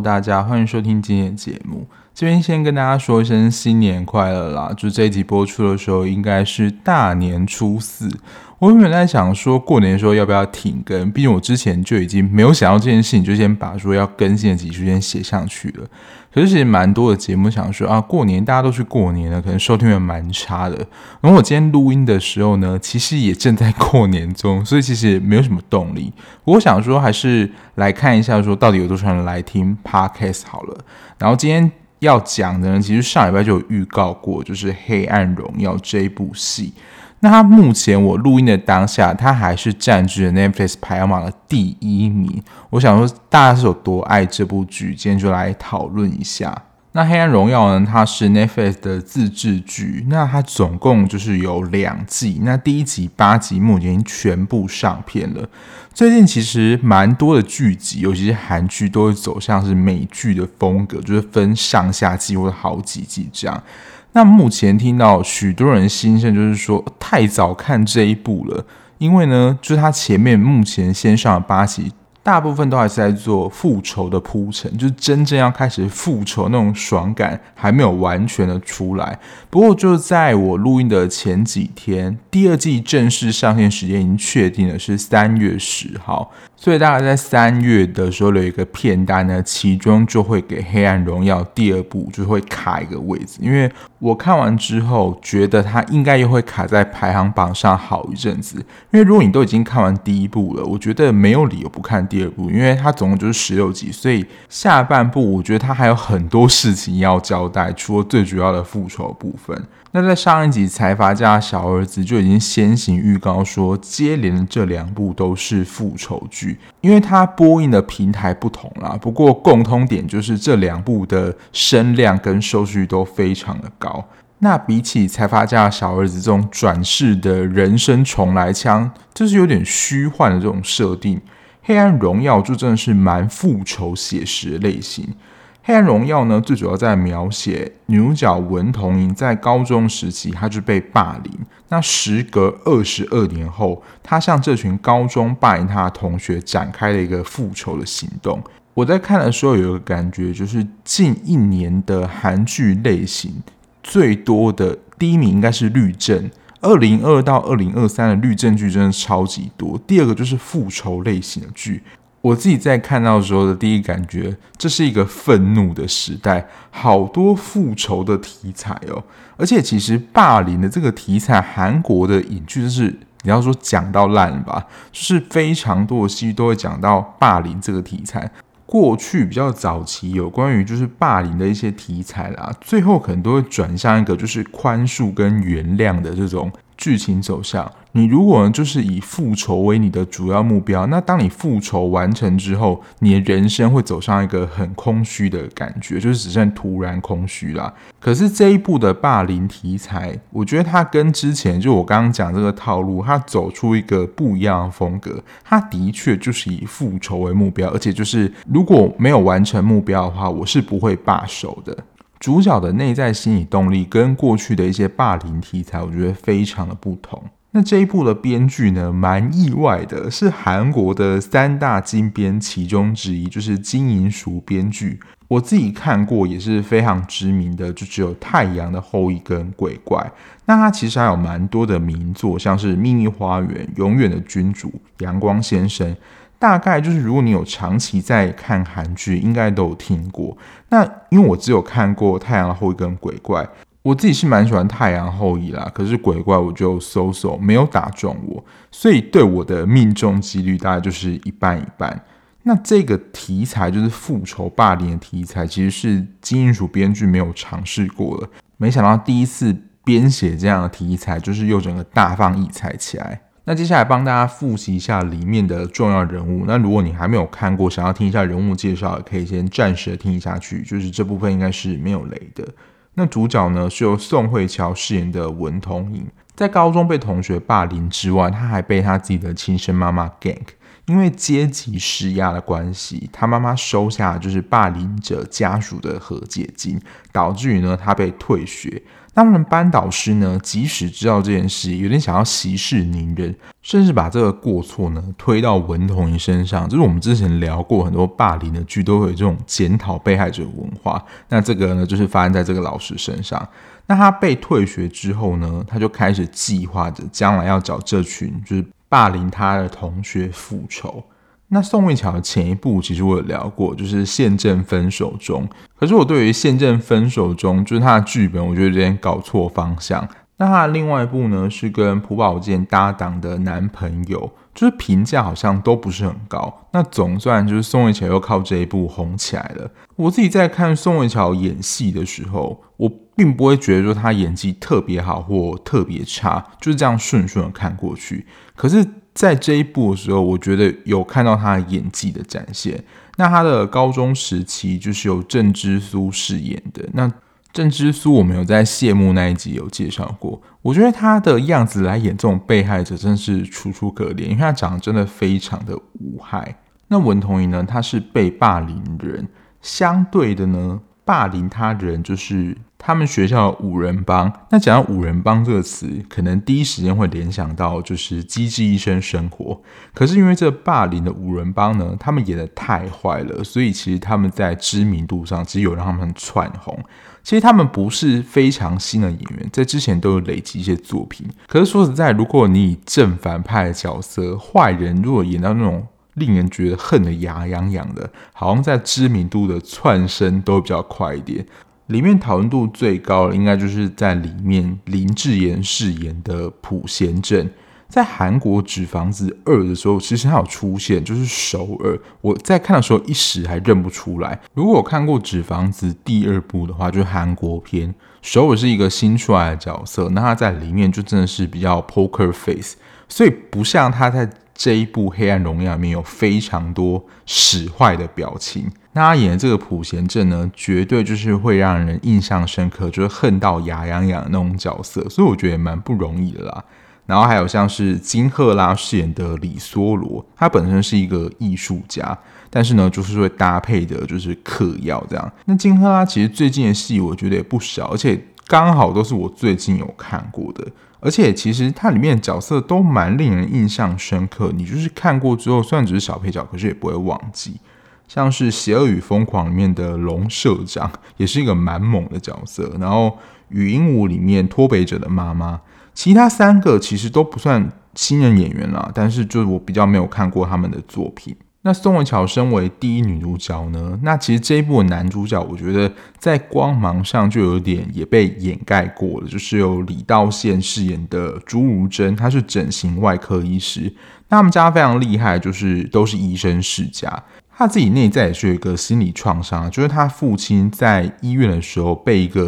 大家歡迎收聽今天的節目，這邊先跟大家說一聲新年快樂啦！就這一集播出的時候，應該是大年初四。我原本在想說，過年的時候要不要停更，畢竟我之前就已經沒有想到這件事情，就先把說要更新的集數先寫上去了。可是其實蠻多的節目想說啊，過年大家都去過年了，可能收聽會蠻差的。然後我今天錄音的時候呢，其實也正在過年中，所以其實沒有什麼動力。我想說，還是來看一下說到底有多少人來聽 podcast 好了。然後今天要講的呢，其實上禮拜就有預告過，就是《黑暗榮耀》這一部戲。那它目前我錄音的當下，它還是佔據了 Netflix 排行榜的第一名。我想說，大家是有多愛這部劇？今天就來討論一下。那《黑暗榮耀》呢？它是 Netflix 的自製劇，那它總共就是有兩季。那第一集、八集目前已經全部上片了。最近其實蠻多的劇集，尤其是韓劇，都會走向是美劇的風格，就是分上下季或者好幾季這樣。那目前聽到許多人心聲，就是說太早看這一部了，因為呢，就是他前面目前先上八集，大部分都還是在做復仇的鋪陳，就是真正要開始復仇那種爽感還沒有完全的出來。不過就是在我錄音的前幾天，第二季正式上線時間已經確定了，是三月十號。所以大概在三月的時候有一個片單呢，其中就會給《黑暗榮耀》第二部就會卡一個位置，因為我看完之後覺得它應該又會卡在排行榜上好一陣子。因為如果你都已經看完第一部了，我覺得沒有理由不看第二部，因為它總共就是十六集，所以下半部我覺得它還有很多事情要交代，除了最主要的復仇的部分。那在上一集，財閥家小兒子就已經先行預告說，接連這兩部都是復仇劇，因為它播映的平台不同啦。不過共通點就是這兩部的聲量跟收視率都非常的高。那比起財閥家小兒子這種轉世的人生重來槍，就是有點虛幻的這種設定，《黑暗榮耀》就真的是蠻復仇寫實的類型。《黑暗榮耀》呢，最主要在描寫女主角文同垠。在高中時期，他就被霸凌。那時隔二十二年後，他向這群高中霸凌他的同學展開了一個復仇的行動。我在看的時候，有一個感覺就是，近一年的韓劇類型最多的第一名應該是《律政》，二零二二到二零二三的律政劇真的超級多。第二個就是復仇類型的劇。我自己在看到的時候的第一感覺，這是一個憤怒的時代，好多復仇的題材哦。而且其實霸凌的這個題材，韓國的影劇就是你要說講到爛吧，就是非常多的戲都會講到霸凌這個題材。過去比較早期有關於就是霸凌的一些題材啦，最後可能都會轉向一個就是寬恕跟原諒的這種劇情走向，你如果就是以復仇為你的主要目標，那當你復仇完成之後，你的人生會走上一個很空虛的感覺，就是只剩突然空虛啦。可是這一部的霸凌題材，我覺得它跟之前就我剛剛講這個套路，它走出一個不一樣的風格。它的確就是以復仇為目標，而且就是如果沒有完成目標的話，我是不會罷手的。主角的內在心理動力跟過去的一些霸凌題材，我覺得非常的不同。那這一部的編劇呢，蠻意外的，是韓國的三大金編其中之一，就是金銀淑編劇。我自己看過也是非常知名的，就只有《太陽的後裔》跟《鬼怪》。那它其實還有蠻多的名作，像是《秘密花園》、《永遠的君主》、《陽光先生》。大概就是，如果你有長期在看韓劇，應該都有聽過。那因為我只有看過《太陽的後裔》跟《鬼怪》，我自己是蠻喜歡《太陽後裔》啦。可是《鬼怪》我就搜、so、索、so、沒有打中我，所以對我的命中幾率大概就是一半一半。那這個題材就是復仇霸凌的題材，其實是金銀淑編劇沒有嘗試過的。沒想到第一次編寫這樣的題材，就是又整個大放異彩起來。那接下來幫大家複習一下裡面的重要人物。那如果你還沒有看過，想要聽一下人物介紹，也可以先暫時的聽下去。就是這部分應該是沒有雷的。那主角呢是由宋慧喬飾演的文同垠，在高中被同學霸凌之外，他還被他自己的親生媽媽 gank。因為階級施壓的關係，他媽媽收下就是霸凌者家屬的和解金，導致於呢他被退學。他們班導師呢，即使知道這件事，有點想要息事寧人，甚至把這個過錯呢推到文同垠身上。就是我們之前聊過很多霸凌的劇，都會有這種檢討被害者文化。那這個呢，就是發生在這個老師身上。那他被退學之後呢，他就開始計劃着將來要找這群就是霸凌他的同學復仇。那宋慧喬的前一部其實我有聊過，就是《現正分手中》，可是我對於《現正分手中》就是他的劇本，我覺得有點搞錯方向。那他的另外一部呢，是跟朴寶劍搭檔的男朋友，就是評價好像都不是很高。那總算就是宋慧喬又靠這一部紅起來了。我自己在看宋慧喬演戲的時候，我並不會覺得說他演技特別好或特別差，就是這樣順順的看過去。可是。在這一部的時候，我覺得有看到他演技的展現。那他的高中時期就是由鄭之蘇飾演的。那鄭之蘇我們有在謝幕那一集有介紹過，我覺得他的樣子來演這種被害者，真是楚楚可憐，因為他長得真的非常的無害。那文同垠呢，他是被霸凌人，相對的呢，霸凌他人就是。他們學校的五人幫，那講到五人幫這個詞，可能第一時間會聯想到就是《機智醫生生活》。可是因為這霸凌的五人幫呢，他們演得太壞了，所以其實他們在知名度上只有讓他們竄紅。其實他們不是非常新的演員，在之前都有累積一些作品。可是說實在，如果你以正反派的角色、壞人，如果演到那種令人覺得恨得牙癢癢的，好像在知名度的竄升都比較快一點。裡面討論度最高的，應該就是在裡面林智妍飾演的朴妍珍，在韓國《紙房子二》的時候，其實很有出現，就是首爾。我在看的時候一時還認不出來。如果看過《紙房子》第二部的話，就是韓國篇，首爾是一個新出來的角色，那他在裡面就真的是比較 poker face，所以不像他在這一部《黑暗榮耀》裡面有非常多使壞的表情。那他演的這個朴涎鎮呢，絕對就是會讓人印象深刻，就是恨到牙癢癢的那種角色，所以我覺得也蠻不容易的啦。然後還有像是金赫拉飾演的李梭羅，他本身是一個藝術家，但是呢，就是會搭配的就是嗑藥這樣。那金赫拉其實最近的戲我覺得也不少，而且剛好都是我最近有看過的，而且其實他裡面的角色都蠻令人印象深刻。你就是看過之後，雖然只是小配角，可是也不會忘記。像是《邪惡與瘋狂》裡面的龍社長，也是一個蠻猛的角色。然後《語音五》裡面脫北者的媽媽，其他三個其實都不算新人演員啦，但是就是我比較沒有看過他們的作品。那宋慧喬身為第一女主角呢，那其實這一部的男主角我覺得在光芒上就有點也被掩蓋過了。就是由李到晛飾演的朱如真，他是整形外科醫師。那他們家非常厲害，就是都是醫生世家。他自己內在也是有一個心理創傷，就是他父親在醫院的時候被一個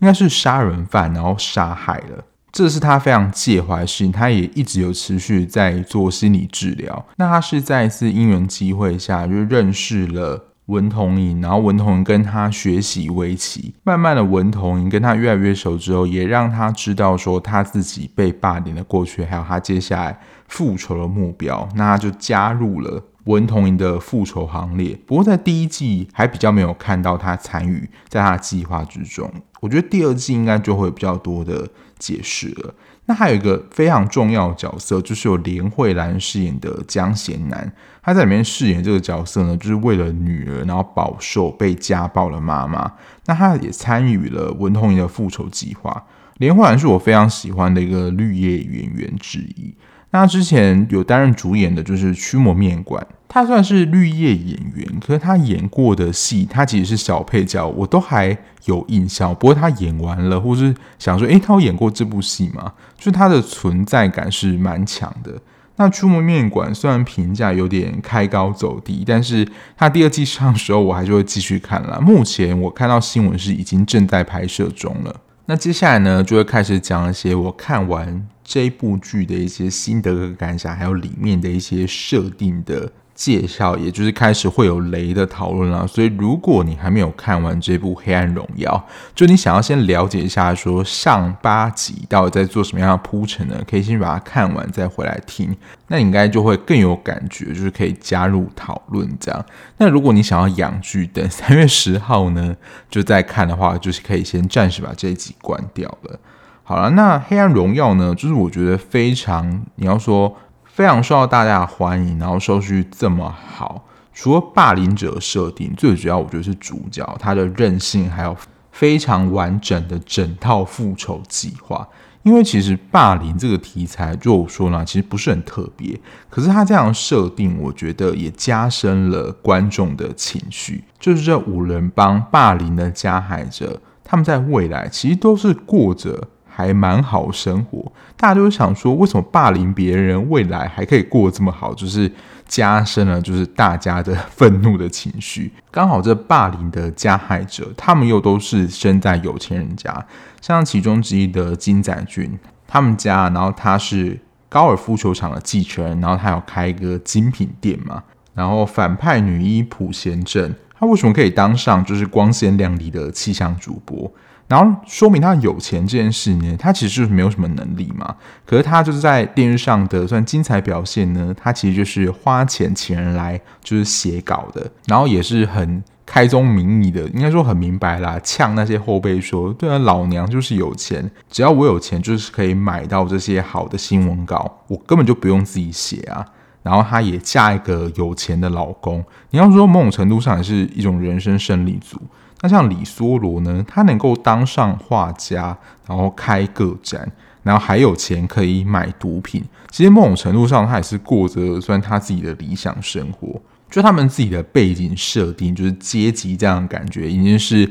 應該是殺人犯，然後殺害了。這是他非常介懷的事情，他也一直有持續在做心理治療。那他是在一次因緣機會下就認識了文同垠，然後文同垠跟他學習圍棋。慢慢的，文同垠跟他越來越熟之後，也讓他知道說他自己被霸凌的過去，還有他接下來復仇的目標。那他就加入了。文同垠的復仇行列，不過在第一季還比較沒有看到他參與在他的計劃之中。我覺得第二季應該就會比較多的解釋了。那還有一個非常重要的角色，就是由連慧蘭飾演的江賢南，他在裡面飾演這個角色呢，就是為了女兒，然後飽受被家暴的媽媽。那他也參與了文同垠的復仇計劃。連慧蘭是我非常喜歡的一個綠葉演員之一。那之前有擔任主演的，就是《驅魔麵館》，他算是綠葉演員，可是他演過的戲，他其實是小配角，我都還有印象。不過他演完了，或是想說，誒、欸，他有演過這部戲嗎？就他的存在感是蠻強的。那《驅魔麵館》雖然評價有點開高走低，但是他第二季上的時候，我還是會繼續看了。目前我看到新聞是已經正在拍攝中了。那接下來呢，就會開始講一些我看完。這部劇的一些心得跟感想，還有裡面的一些設定的介紹，也就是開始會有雷的討論啦。所以，如果你還沒有看完這部《黑暗榮耀》，就你想要先了解一下，說上八集到底在做什麼樣的鋪陳呢？可以先把它看完再回來聽，那你應該就會更有感覺，就是可以加入討論這樣。那如果你想要養劇，等三月十號呢，就再看的話，就是可以先暫時把這一集關掉了。好了，那《黑暗榮耀》呢？就是我覺得非常，你要說非常受到大家的歡迎，然後收視率這麼好。除了霸凌者設定，最主要我覺得是主角他的韌性，還有非常完整的整套復仇計劃。因為其實霸凌這個題材，就我說呢，其實不是很特別。可是他這樣的設定，我覺得也加深了觀眾的情緒。就是這五人幫霸凌的加害者，他們在未來其實都是過着。還蠻好生活，大家就是想說，為什麼霸凌別人未來還可以過這麼好，就是加深了就是大家的憤怒的情緒。剛好這霸凌的加害者，他們又都是身在有錢人家，像其中之一的金宰俊，他們家，然後他是高爾夫球場的繼承人，然後他要開一個精品店嘛。然後反派女一朴賢鎮，她為什麼可以當上就是光鮮亮麗的氣象主播？然後說明他有錢這件事呢，他其實就是沒有什麼能力嘛。可是他就是在電視上的算精彩表現呢，他其實就是花錢請人來就是寫稿的，然後也是很開宗明義的，應該說很明白啦，嗆那些後輩說：“對啊，老娘就是有錢，只要我有錢，就是可以買到這些好的新聞稿，我根本就不用自己寫啊。”然後他也嫁一個有錢的老公，你要說某種程度上也是一種人生勝利組。那像李莎拉呢，他能夠當上畫家，然後開個展，然後還有錢可以買毒品，其實某種程度上他也是過着算他自己的理想生活。就他們自己的背景設定，就是階級這樣的感覺，已經是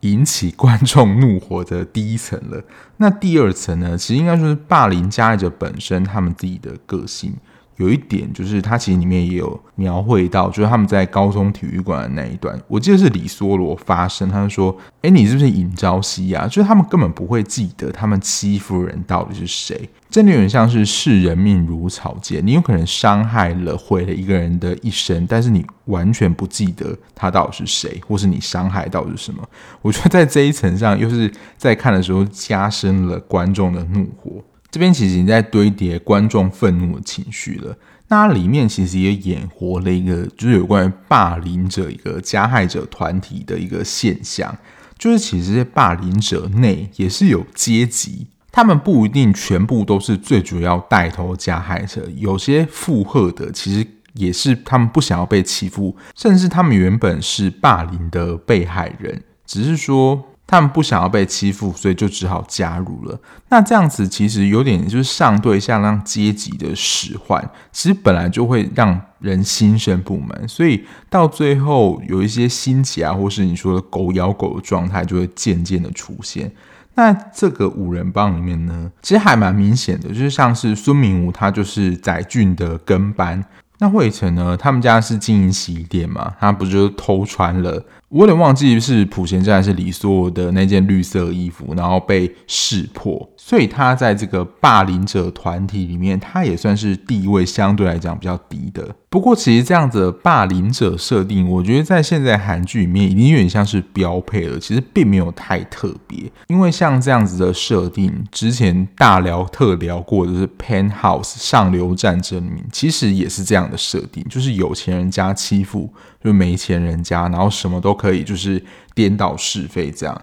引起觀眾怒火的第一層了。那第二層呢，其實應該說是霸凌加害者本身他們自己的個性。有一點就是，他其實裡面也有描繪到，就是他們在高中體育館的那一段。我記得是李娑羅發聲，他就說：“哎，你是不是尹昭熙呀？”就是他們根本不會記得他們欺負人到底是誰，真的有點像是視人命如草芥。你有可能傷害了毀了一個人的一生，但是你完全不記得他到底是誰，或是你傷害到底是什麼。我覺得在這一層上，又是在看的時候加深了觀眾的怒火。這邊其實已經在堆疊觀眾憤怒的情緒了。那裡面其實也演活了一個，就是有關於霸凌者一個加害者團體的一個現象。就是其實這些霸凌者內也是有階級，他們不一定全部都是最主要帶頭加害者，有些附和的其實也是他們不想要被欺負，甚至他們原本是霸凌的被害人，只是說。他們不想要被欺負，所以就只好加入了。那這樣子其實有點就是上對下讓階級的使喚，其實本來就會讓人心生不滿，所以到最後有一些心結啊，或是你說的狗咬狗的狀態就會漸漸的出現。那這個五人幫裡面呢，其實還蠻明顯的，就是像是孫明武，他就是宰俊的跟班。那惠成呢，他們家是經營洗衣店嘛，他不就是偷穿了？我有點忘記是朴涎鎮還是李碩的那件綠色衣服，然後被識破，所以他在這個霸凌者團體裡面，他也算是地位相對來講比較低的。不過，其實這樣子的霸凌者設定，我覺得在現在韓劇裡面已經有點像是標配了。其實並沒有太特別，因為像這樣子的設定，之前大聊特聊過，就是《Penthouse》上流戰爭其實也是這樣的設定，就是有錢人家欺負就沒錢人家，然後什麼都可以，就是顛倒是非這樣。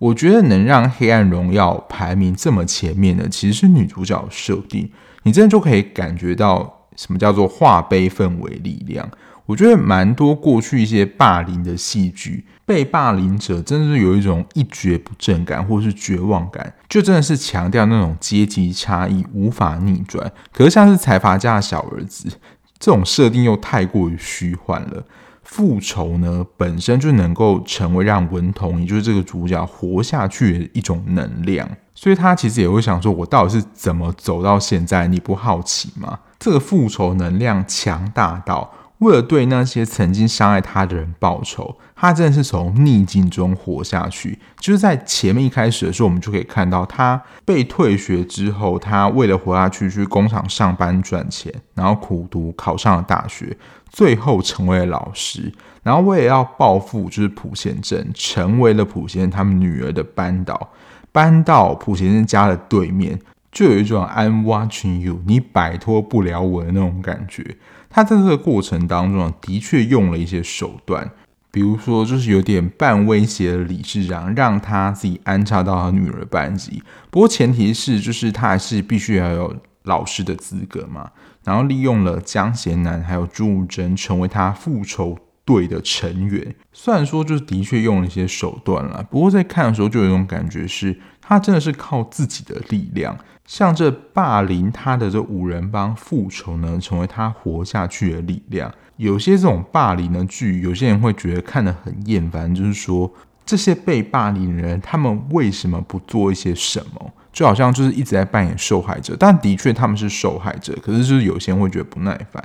我覺得能讓黑暗榮耀排名這麼前面的，其實是女主角設定，你真的就可以感覺到。什麼叫做化悲憤為力量？我覺得蠻多過去一些霸凌的戲劇，被霸凌者真的是有一種一蹶不振感，或是絕望感，就真的是強調那種階級差異無法逆轉。可是像是財閥家的小兒子這種設定又太過於虛幻了。復仇呢，本身就能夠成為讓文同垠，也就是這個主角活下去的一種能量。所以他其實也會想說，我到底是怎麼走到現在？你不好奇嗎？這個復仇能量強大到，為了對那些曾經傷害他的人報仇，他真的是從逆境中活下去。就是在前面一開始的時候，我們就可以看到他被退學之後，他為了活下去去工廠上班賺錢，然後苦讀考上了大學，最後成為了老師，然後為了要報復，就是朴妍珍成為了朴妍珍他們女兒的班導。搬到朴妍珍家的對面，就有一種 I'm watching you，你擺脫不了我的那種感覺。他在這個過程當中，的確用了一些手段，比如說就是有點半威脅的理事長，讓他自己安插到他女兒的班級。不過前提是，就是他還是必須要有老師的資格嘛。然後利用了姜賢南還有朱無珍成為他復仇隊的成員，雖然說就是的確用了一些手段了，不過在看的時候就有一種感覺是，是他真的是靠自己的力量。像這霸凌他的這五人幫復仇呢，成為他活下去的力量。有些這種霸凌的劇，有些人會覺得看得很厭煩，就是說這些被霸凌的人，他們為什麼不做一些什麼？就好像就是一直在扮演受害者，但的確他們是受害者，可是就是有些人會覺得不耐煩。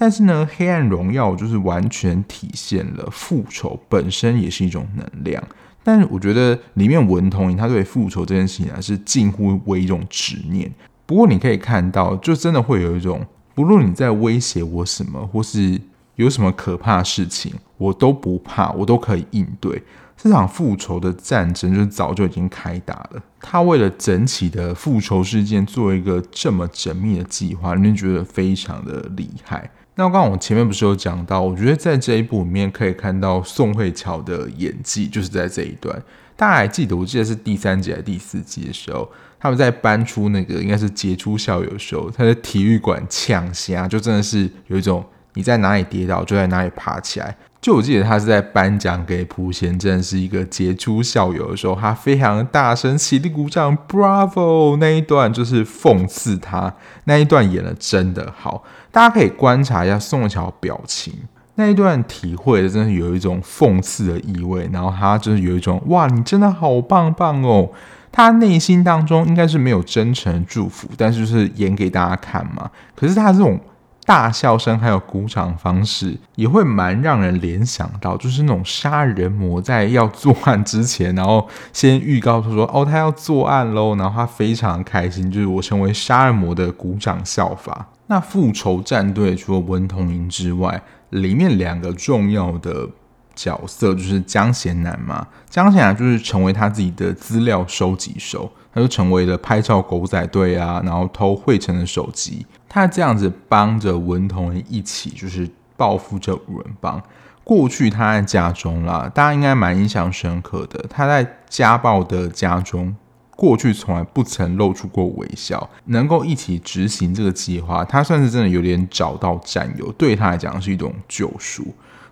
但是呢，黑暗榮耀就是完全體現了復仇本身也是一種能量。但是我覺得裡面文同垠他對復仇這件事情啊是近乎為一種執念。不過你可以看到，就真的會有一種，不論你在威脅我什麼，或是有什麼可怕的事情，我都不怕，我都可以應對。這場復仇的戰爭就是早就已經開打了。他為了整起的復仇事件做一個這麼縝密的計劃，你覺得非常的厲害。那剛剛我前面不是有講到，我覺得在這一部裡面可以看到宋慧喬的演技，就是在這一段，大家還記得？我記得是第三集還是第四集的時候，他們在搬出那個應該是傑出校友的時候，他在體育館搶下，就真的是有一種你在哪裡跌倒，就在哪裡爬起來。就我記得，他是在頒獎給普賢真是一個傑出校友的時候，他非常大聲起立鼓掌，Bravo，那一段就是諷刺他，那一段演的真的好，大家可以觀察一下宋喬表情那一段，體會的真的有一種諷刺的意味，然後他就是有一種哇，你真的好棒棒哦，他內心當中應該是沒有真誠祝福，但是就是演給大家看嘛，可是他這種。大笑聲還有鼓掌方式也會蠻讓人聯想到，就是那種殺人魔在要作案之前，然後先預告他說：“哦，他要作案嘍！”然後他非常開心，就是我成為殺人魔的鼓掌笑法。那復仇戰隊除了文同垠之外，裡面兩個重要的角色就是姜賢南嘛。姜賢南就是成為他自己的資料收集手，他就成為了拍照狗仔隊啊，然後偷惠成的手機。他這樣子幫着文同垠一起，就是報復這五人幫。過去他在家中啦，大家應該蠻印象深刻的。他在家暴的家中，過去從來不曾露出過微笑。能夠一起執行這個計劃，他算是真的有點找到戰友，對他來講是一種救贖。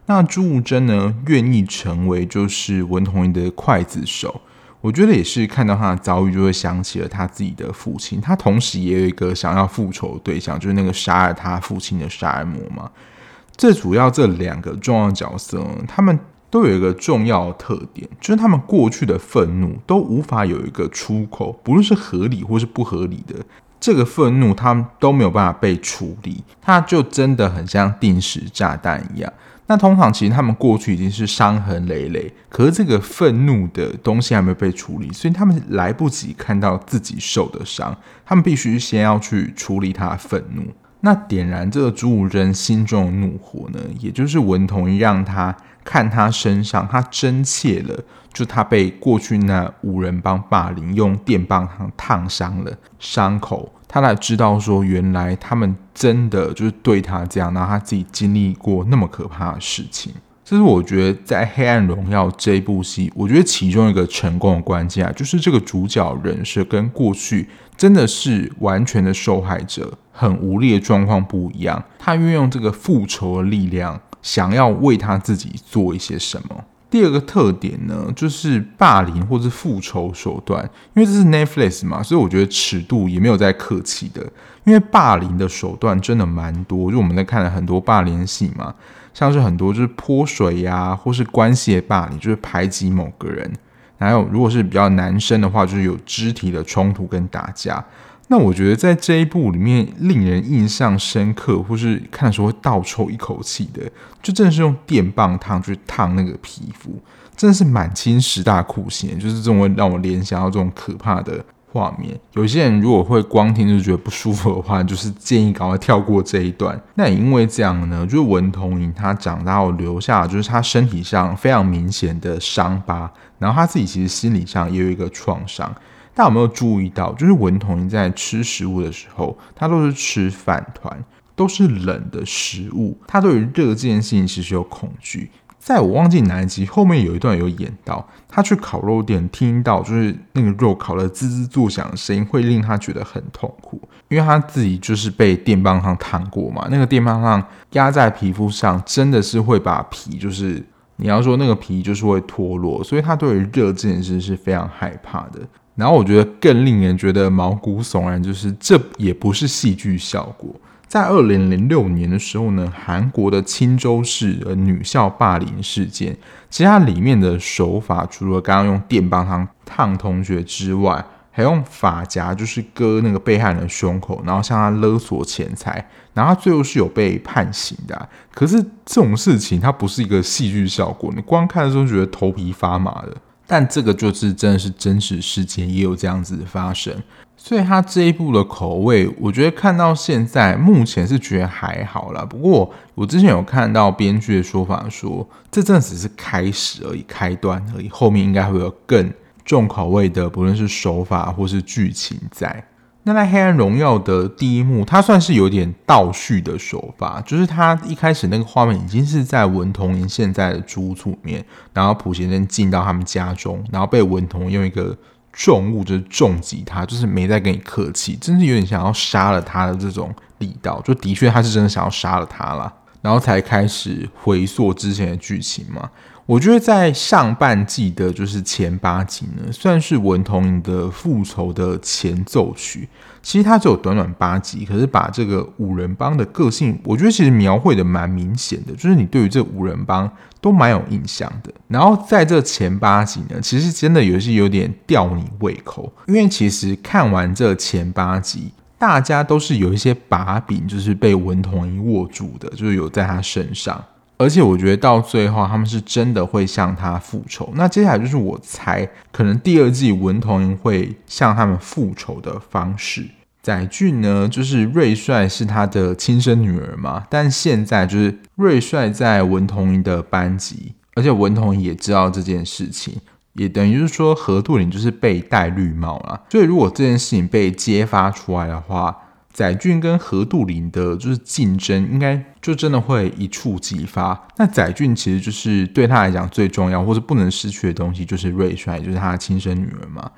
那朱悟真呢，願意成為就是文同垠的劊子手。我覺得也是，看到他的遭遇，就會想起了他自己的父親。他同時也有一個想要復仇的對象，就是那個殺了他父親的殺人魔嘛。最主要這兩個重要角色，他們都有一個重要的特點，就是他們過去的憤怒都無法有一個出口，不論是合理或是不合理的，這個憤怒他們都沒有辦法被處理，他就真的很像定時炸彈一樣。那通常其實他們過去已經是傷痕累累，可是這個憤怒的東西還沒有被處理，所以他們來不及看到自己受的傷，他們必須先要去處理他的憤怒。那點燃這個朱五珍心中的怒火呢，也就是文同垠讓他看他身上，他真切了，就他被過去那五人幫霸凌用電棒燙傷了傷口。他才知道說，原來他們真的就是對他這樣，然後他自己經歷過那麼可怕的事情。這是我覺得在《黑暗榮耀》這一部戲，我覺得其中一個成功的關鍵啊，就是這個主角人設跟過去真的是完全的受害者、很無力的狀況不一樣。他運用這個復仇的力量，想要為他自己做一些什麼。第二個特點呢，就是霸凌或是復仇手段，因為這是 Netflix 嘛，所以我覺得尺度也沒有再客氣的。因為霸凌的手段真的蠻多，就我們在看了很多霸凌戲嘛，像是很多就是潑水呀、啊，或是關係的霸凌，就是排擠某個人。然後如果是比較男生的話，就是有肢體的衝突跟打架。那我覺得在這一部裡面，令人印象深刻，或是看的時候會倒抽一口氣的，就真的是用電棒燙去燙那個皮膚，真的是滿清十大酷刑，就是這種會讓我聯想到這種可怕的畫面。有些人如果會光聽就覺得不舒服的話，就是建議趕快跳過這一段。那也因為這樣呢，就是文同垠他長大後留下就是他身體上非常明顯的傷疤，然後他自己其實心理上也有一個創傷。但有沒有注意到，就是文同在吃食物的時候，他都是吃飯糰，都是冷的食物。他對於熱這件事情其實有恐懼。在我忘記哪一集後面有一段有演到，他去烤肉店，聽到就是那個肉烤得滋滋作響的聲音，會令他覺得很痛苦，因為他自己就是被電棒上燙過嘛。那個電棒上壓在皮膚上，真的是會把皮就是你要說那個皮就是會脫落，所以他對於熱這件事情是非常害怕的。然後我覺得更令人覺得毛骨悚然，就是這也不是戲劇效果。在二零零六年的時候呢，韓國的青州市女校霸凌事件，其實它裡面的手法，除了剛剛用電棒燙燙同學之外，還用髮夾就是割那個被害人的胸口，然後向他勒索錢財，然後他最後是有被判刑的啊。可是這種事情它不是一個戲劇效果，你光看的時候覺得頭皮發麻的。但這個就是真的是真實事件，也有這樣子的發生，所以他這一部的口味，我覺得看到現在目前是覺得還好啦。不過我之前有看到編劇的說法，說這真的只是開始而已，開端而已，後面應該會有更重口味的，不論是手法或是劇情在。那在《黑暗榮耀》的第一幕，它算是有點倒敘的手法，就是他一開始那個畫面已經是在文同垠現在的住處面，然後朴先生進到他們家中，然後被文同垠用一個重物就是重擊他，就是沒在跟你客氣，真是有點想要殺了他的這種力道，就的確他是真的想要殺了他了，然後才開始回溯之前的劇情嘛。我覺得在上半季的，就是前八集呢，算是文同垠的復仇的前奏曲。其實它只有短短八集，可是把這個五人幫的個性，我覺得其實描繪的蠻明顯的，就是你對於這五人幫都蠻有印象的。然後在這前八集呢，其實真的有一些有點吊你胃口，因為其實看完這前八集，大家都是有一些把柄，就是被文同垠握住的，就是有在他身上。而且我覺得到最後，他們是真的會向他復仇。那接下來就是我猜，可能第二季文同垠會向他們復仇的方式。宰俊呢，就是瑞帥是他的親生女兒嘛，但現在就是瑞帥在文同垠的班級，而且文同垠也知道這件事情，也等於是說河道英就是被戴綠帽了。所以如果這件事情被揭發出來的話，宰俊跟何杜林的，就是競爭，應該就真的會一觸即發。那宰俊其實就是對他來講最重要，或是不能失去的東西，就是瑞帥，也就是他的親生女兒嘛。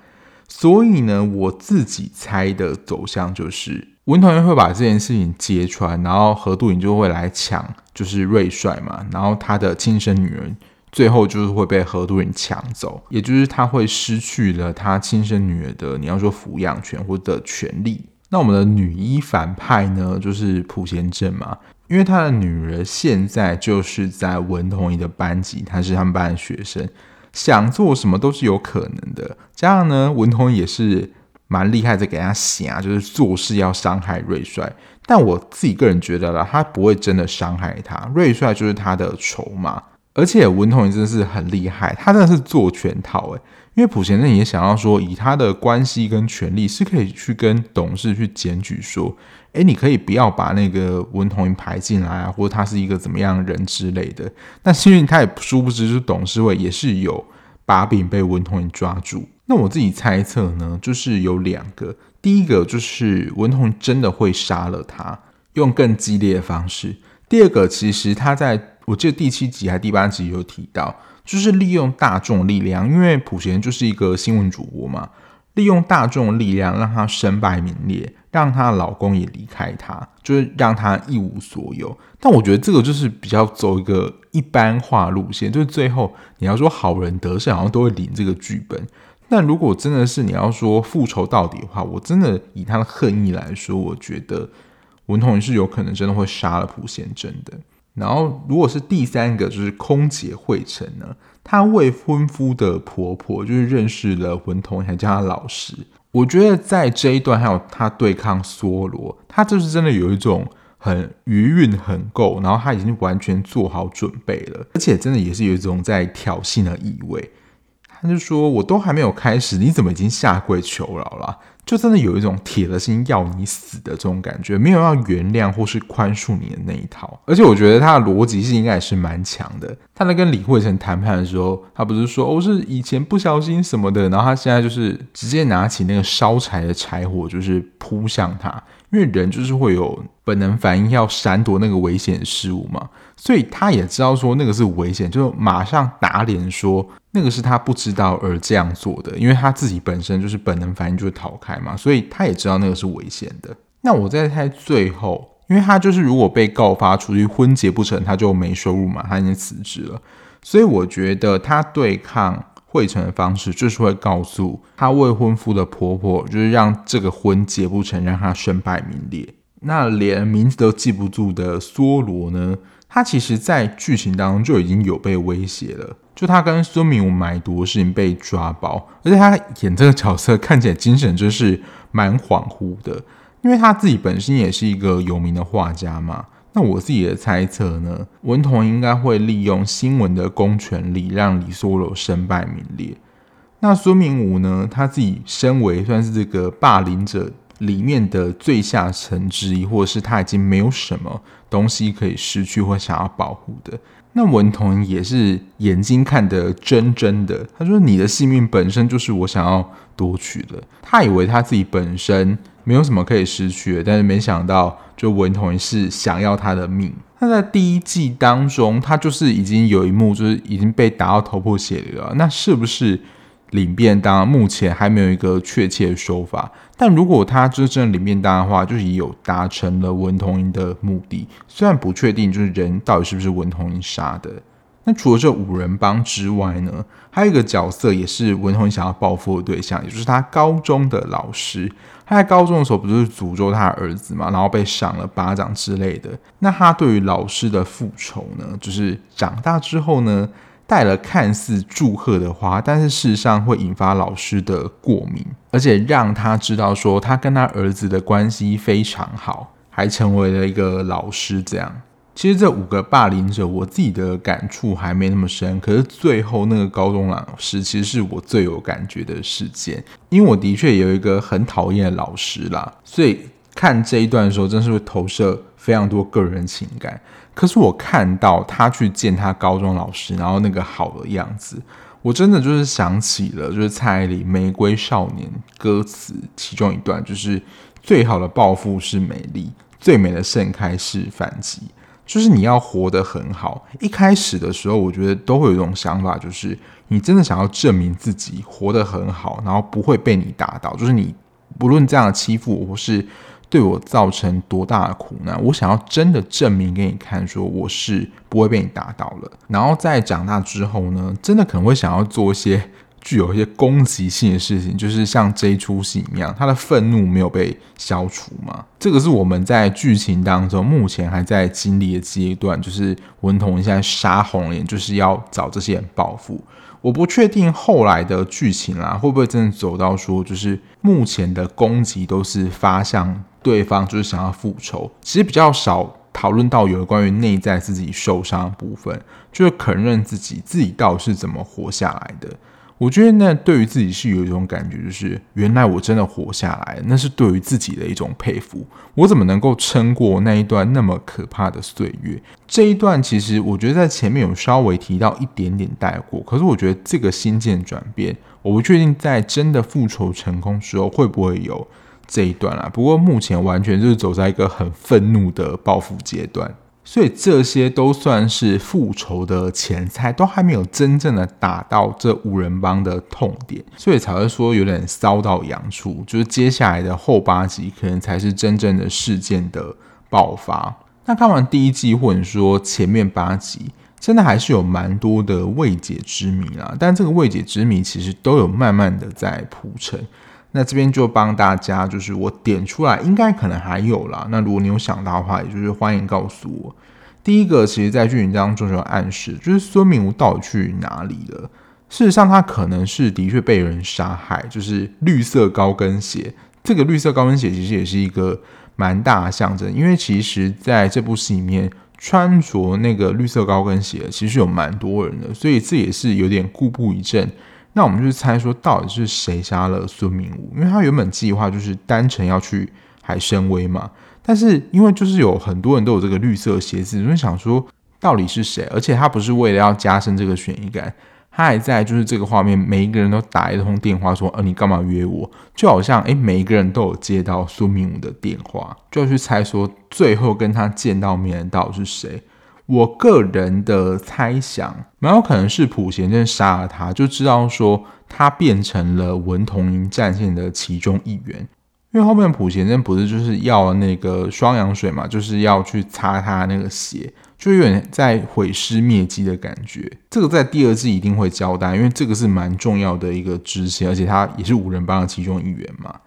所以呢，我自己猜的走向就是文同垠會把這件事情揭穿，然後何杜林就會來搶，就是瑞帥嘛，然後他的親生女兒最後就是會被何杜林搶走，也就是他會失去了他親生女兒的，你要說撫養權或者的權利。那我們的女一反派呢，就是朴妍珍嘛，因為他的女兒現在就是在文同垠的班級，她是他們班的學生，想做什麼都是有可能的。加上呢，文同垠也是蠻厲害，在給人家寫啊，就是做事要傷害瑞帥。但我自己個人覺得啦，他不會真的傷害他，瑞帥就是他的籌碼。而且文同垠真的是很厲害，他真的是做全套因為普賢呢也想要說，以他的關係跟權力，是可以去跟董事去檢舉說，哎、欸，你可以不要把那個文同垠排進來啊，或者他是一個怎麼樣人之類的。但幸運他也殊不知，是董事會也是有把柄被文同垠抓住。那我自己猜測呢，就是有兩個，第一個就是文同垠真的會殺了他，用更激烈的方式；第二個，其實他在我記得第七集還第八集有提到。就是利用大眾力量，因為朴涎就是一個新聞主播嘛，利用大眾力量讓她身敗名裂，讓她老公也離開她，就是讓她一無所有。但我覺得這個就是比較走一個一般化路線，就是最後你要說好人得勝，好像都會領這個劇本。但如果真的是你要說復仇到底的話，我真的以他的恨意來說，我覺得文同垠是有可能真的會殺了朴涎鎮的。然後，如果是第三個，就是空姐惠成呢，她未婚夫的婆婆就是認識了文同，還叫她老師。我覺得在這一段還有她對抗梭羅，她就是真的有一種很餘韻很夠，然後她已經完全做好準備了，而且真的也是有一種在挑釁的意味。他就說：“我都還沒有開始，你怎麼已經下跪求饒了、啊？就真的有一種鐵了心要你死的這種感覺，沒有要原諒或是寬恕你的那一套。而且我覺得他的邏輯性應該也是蠻強的。他在跟李慧成談判的時候，他不是說‘我、哦、是以前不小心什麼的’，然後他現在就是直接拿起那個燒柴的柴火，就是撲向他。”因為人就是會有本能反應要閃躲那個危險事物嘛，所以他也知道說那個是危險，就馬上打臉說那個是他不知道而這樣做的，因為他自己本身就是本能反應就是逃開嘛，所以他也知道那個是危險的。那我在猜最後，因為他就是如果被告發出去婚結不成，他就沒收入嘛，他已經辭職了，所以我覺得他對抗會成的方式就是會告訴她未婚夫的婆婆，就是讓這個婚結不成，讓她身敗名裂。那連名字都記不住的梭羅呢？他其實，在劇情當中就已經有被威脅了，就他跟孫明悟買毒的事情被抓包，而且他演這個角色看起來精神就是蠻恍惚的，因為他自己本身也是一個有名的畫家嘛。那我自己的猜測呢，文同應該會利用新聞的公權力，讓李莎拉身敗名裂。那孫明悟呢，他自己身為算是這個霸凌者裡面的最下層之一，或者是他已經沒有什麼東西可以失去或想要保護的。那文同也是眼睛看得真真的，他說：“你的性命本身就是我想要奪取的。”他以為他自己本身。沒有什麼可以失去的，但是沒想到，就文同垠是想要他的命。那在第一季當中，他就是已經有一幕，就是已經被打到頭破血流了。那是不是領便當？目前還沒有一個確切的說法。但如果他就是真的領便當的話，就是有達成了文同垠的目的。雖然不確定，就是人到底是不是文同垠殺的。那除了這五人幫之外呢，還有一個角色也是文同垠想要報復的對象，也就是他高中的老師。他在高中的時候不就是詛咒他兒子嘛，然後被賞了巴掌之類的。那他對於老師的復仇呢，就是長大之後呢，帶了看似祝賀的花，但是事實上會引發老師的過敏，而且讓他知道說他跟他兒子的關係非常好，還成為了一個老師這樣。其實這五個霸凌者，我自己的感觸還沒那麼深。可是最後那個高中老師，其實是我最有感覺的事件，因為我的確有一個很討厭的老師啦。所以看這一段的時候，真是會投射非常多個人情感。可是我看到他去見他高中老師，然後那個好的樣子，我真的就是想起了就是蔡依林《玫瑰少年》歌詞其中一段，就是最好的報復是美麗，最美的盛開是反擊。就是你要活得很好。一開始的時候，我覺得都會有一種想法，就是你真的想要證明自己活得很好，然後不會被你打倒。就是你不論這樣的欺負我或是對我造成多大的苦難，我想要真的證明給你看，說我是不會被你打倒了。然後在長大之後呢，真的可能會想要做一些。具有一些攻擊性的事情，就是像這一出戲一樣，他的憤怒沒有被消除嘛。這個是我們在劇情當中目前還在經歷的階段。就是文同現在殺紅臉，就是要找這些人報復。我不確定後來的劇情啦，會不會真的走到說，就是目前的攻擊都是發向對方，就是想要復仇。其實比較少討論到有關於內在自己受傷的部分，就是承認自己自己到底是怎麼活下來的。我覺得那對於自己是有一種感覺，就是原來我真的活下來，那是對於自己的一種佩服。我怎麼能夠撐過那一段那麼可怕的歲月？這一段其實我覺得在前面有稍微提到一點點帶過，可是我覺得這個心境轉變，我不確定在真的復仇成功之後會不會有這一段啦、啊。不過目前完全就是走在一個很憤怒的報復階段。所以這些都算是復仇的前菜，都還沒有真正的打到這五人幫的痛點，所以才會說有點搔到癢處，就是接下來的後八集，可能才是真正的事件的爆發。那看完第一季或者說前面八集，真的還是有蠻多的未解之謎啦。但這個未解之謎，其實都有慢慢的在鋪陳。那這邊就幫大家，就是我點出來，應該可能還有啦。那如果你有想到的話，也就是歡迎告訴我。第一個，其實在劇情當中就有暗示，就是孫明悟到底去哪裡了？事實上，他可能是的確被人殺害，就是綠色高跟鞋。這個綠色高跟鞋其實也是一個蠻大的象徵，因為其實在這部戲裡面，穿着那個綠色高跟鞋其實有蠻多人的，所以這也是有點故佈疑陣那我們就猜說，到底是誰殺了孫明武？因為他原本計劃就是單純要去海參崴嘛。但是因為就是有很多人都有這個綠色鞋子，所以想說到底是誰？而且他不是為了要加深這個懸疑感，他還在就是這個畫面，每一個人都打一通電話說：“呃，你幹嘛約我？”就好像哎、欸，每一個人都有接到孫明武的電話，就要去猜說最後跟他見到面的到底是誰。我個人的猜想，蠻有可能是普賢真殺了他，就知道說他變成了文同垠戰線的其中一員。因為後面普賢真不是就是要那個雙氧水嘛，就是要去擦他那個血，就有點在毀屍滅迹的感覺。這個在第二季一定會交代，因為這個是蠻重要的一個支線，而且他也是五人幫的其中一員嘛。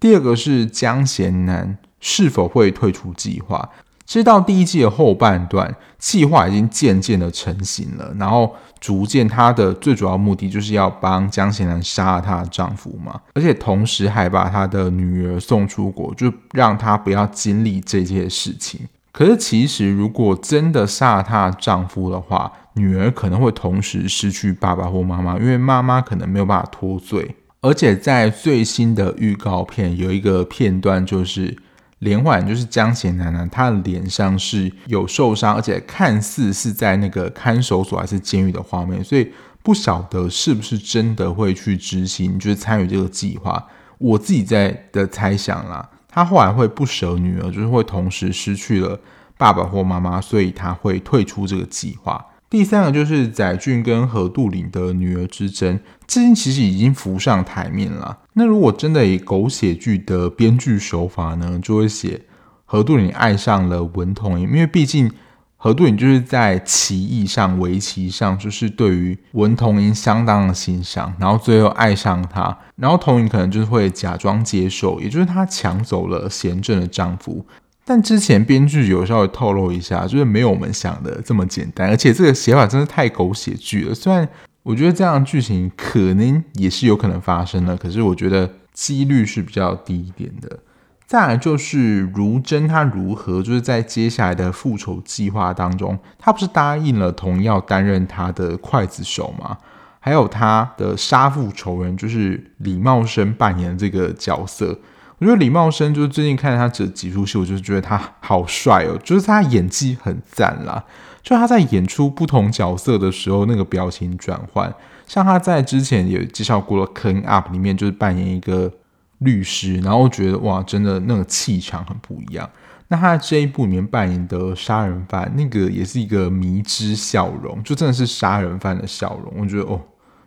第二個是江賢南是否會退出計劃。其實到第一季的後半段，計劃已經漸漸的成型了，然後逐漸，他的最主要目的就是要幫江賢南殺了她的丈夫嘛，而且同時還把她的女兒送出國，就讓她不要經歷這件事情。可是，其實如果真的殺了她丈夫的話，女兒可能會同時失去爸爸或媽媽，因為媽媽可能沒有辦法脫罪。而且，在最新的預告片有一個片段，就是。連環就是江賢楠呢，他的臉上是有受傷，而且看似是在那個看守所還是監獄的畫面，所以不曉得是不是真的會去執行，就是參與這個計劃。我自己在的猜想啦，他後來會不捨女兒，就是會同時失去了爸爸或媽媽，所以他會退出這個計劃。第三個就是宰俊跟何杜陵的女兒之爭，最近其實已經浮上台面了。那如果真的以狗血劇的編劇手法呢，就會寫何杜林愛上了文同垠，因為畢竟何杜林就是在棋藝上、圍棋上，就是對於文同垠相當的欣賞，然後最後愛上他，然後同垠可能就是會假裝接受，也就是他搶走了賢正的丈夫。但之前編劇有稍微透露一下，就是沒有我們想的這麼簡單，而且這個寫法真的太狗血劇了，雖然。我覺得這樣劇情可能也是有可能發生的，可是我覺得幾率是比較低一點的。再來就是如真他如何，就是在接下來的復仇計劃當中，他不是答應了同垠擔任他的劊子手嗎？還有他的殺父仇人就是李茂生扮演的這個角色，我覺得李茂生就是最近看他這幾出戲，我就是覺得他好帥哦、喔，就是他演技很讚啦。就他在演出不同角色的時候，那個表情轉換，像他在之前也介紹過了，Clean Up 裡面就是扮演一個律師，然後覺得哇，真的那個氣場很不一樣。那他這一部裡面扮演的殺人犯，那個也是一個謎之笑容，就真的是殺人犯的笑容。我覺得哦，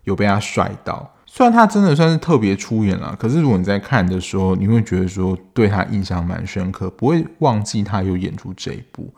有被他帥到。雖然他真的算是特別出演了，可是如果你在看的時候，你會覺得說對他印象蠻深刻，不會忘記他有演出這一部。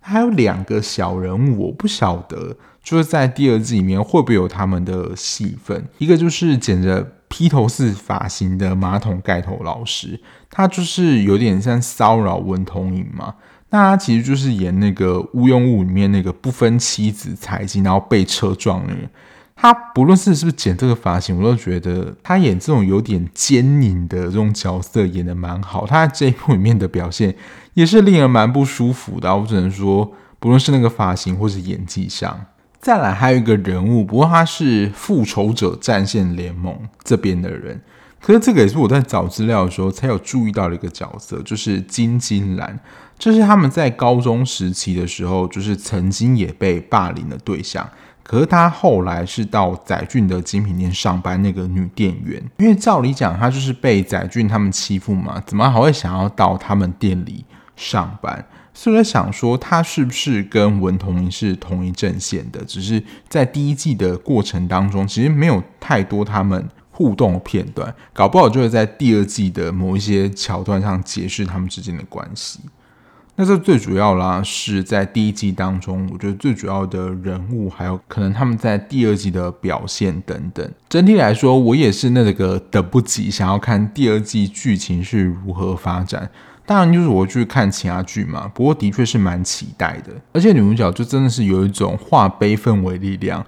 還有兩個小人物，我不曉得，就是在第二季裡面會不會有他們的戲份。一個就是剪着披頭四髮型的馬桶蓋頭老師，他就是有點像騷擾文同垠嘛。那他其實就是演那個《無用物》裡面那個不分妻子財經然後被車撞的人、那個。他不論是是不是剪這個髮型，我都覺得他演這種有點奸佞的這種角色演得蠻好。他在這一部裡面的表現。也是令人蠻不舒服的，我只能說，不論是那個髮型或是演技上。再來還有一個人物，不過他是復仇者戰線聯盟這邊的人。可是這個也是我在找資料的時候才有注意到的一個角色，就是金金蘭，就是他們在高中時期的時候，就是曾經也被霸凌的對象。可是他後來是到宰俊的精品店上班那個女店員，因為照理講，他就是被宰俊他們欺負嘛，怎麼還會想要到他們店裡？上班，所以在想說他是不是跟文同垠是同一陣線的？只是在第一季的過程當中，其實沒有太多他們互動的片段，搞不好就會在第二季的某一些橋段上解釋他們之間的關係。那這最主要啦，是在第一季當中，我覺得最主要的人物還有可能他們在第二季的表現等等。整體來說，我也是那個等不及，想要看第二季劇情是如何發展。當然就是我去看其他劇嘛，不過的確是蠻期待的。而且女主角就真的是有一種化悲憤為力量，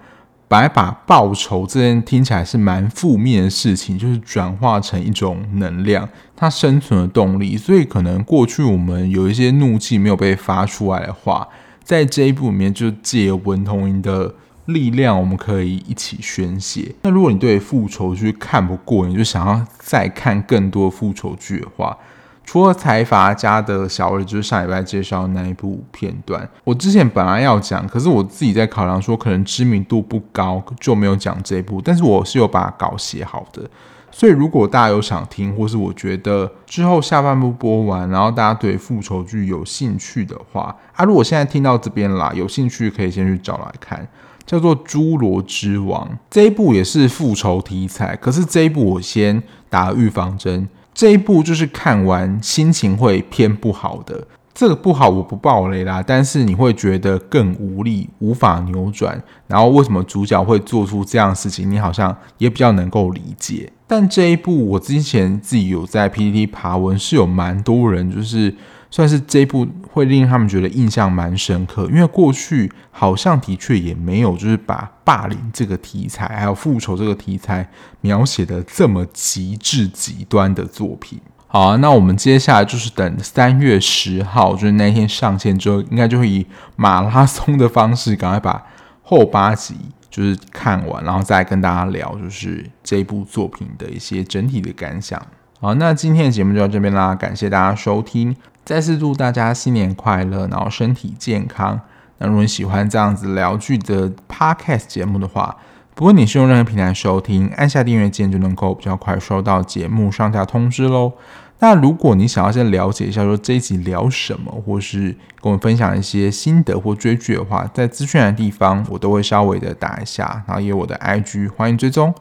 把報仇這件聽起來是蠻負面的事情，就是轉化成一種能量，它生存的動力。所以可能過去我們有一些怒氣沒有被發出來的話，在這一部裡面就借文同垠的力量，我們可以一起宣泄。那如果你對復仇劇看不過，你就想要再看更多復仇劇的話，除了財閥家的小兒子，就是，上禮拜介紹的那一部片段，我之前本來要講，可是我自己在考量說，可能知名度不高，就沒有講這一部。但是我是有把稿寫好的，所以如果大家有想聽，或是我覺得之後下半部播完，然後大家對復仇劇有興趣的話，啊，如果現在聽到這邊啦，有興趣可以先去找來看，叫做《侏羅之王》，這一部也是復仇題材，可是這一部我先打預防針。這一部就是看完心情會偏不好的，這個不好我不暴雷啦，但是你會覺得更無力，無法扭轉。然後為什麼主角會做出這樣的事情，你好像也比較能夠理解。但這一部我之前自己有在 PTT 爬文，是有蠻多人就是。算是這一部會令他們覺得印象蠻深刻，因為過去好像的確也沒有就是把霸凌這個題材還有復仇這個題材描寫得這麼極致極端的作品。好啊，那我們接下來就是等三月十號，就是那天上線之後，應該就會以馬拉松的方式趕快把後八集就是看完，然後再跟大家聊就是這一部作品的一些整體的感想。好，那今天的節目就到這邊啦，感謝大家收聽。再次祝大家新年快樂，然後身體健康。那如果你喜歡這樣子聊劇的 podcast 節目的話，不過你是用任何平台收聽，按下訂閱鍵就能夠比較快收到節目上架通知嘍。那如果你想要先了解一下說這一集聊什麼，或是跟我分享一些心得或追劇的話，在資訊的地方我都會稍微的打一下，然後也有我的 IG，歡迎追蹤。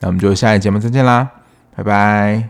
那我們就下一期節目再見啦，拜拜。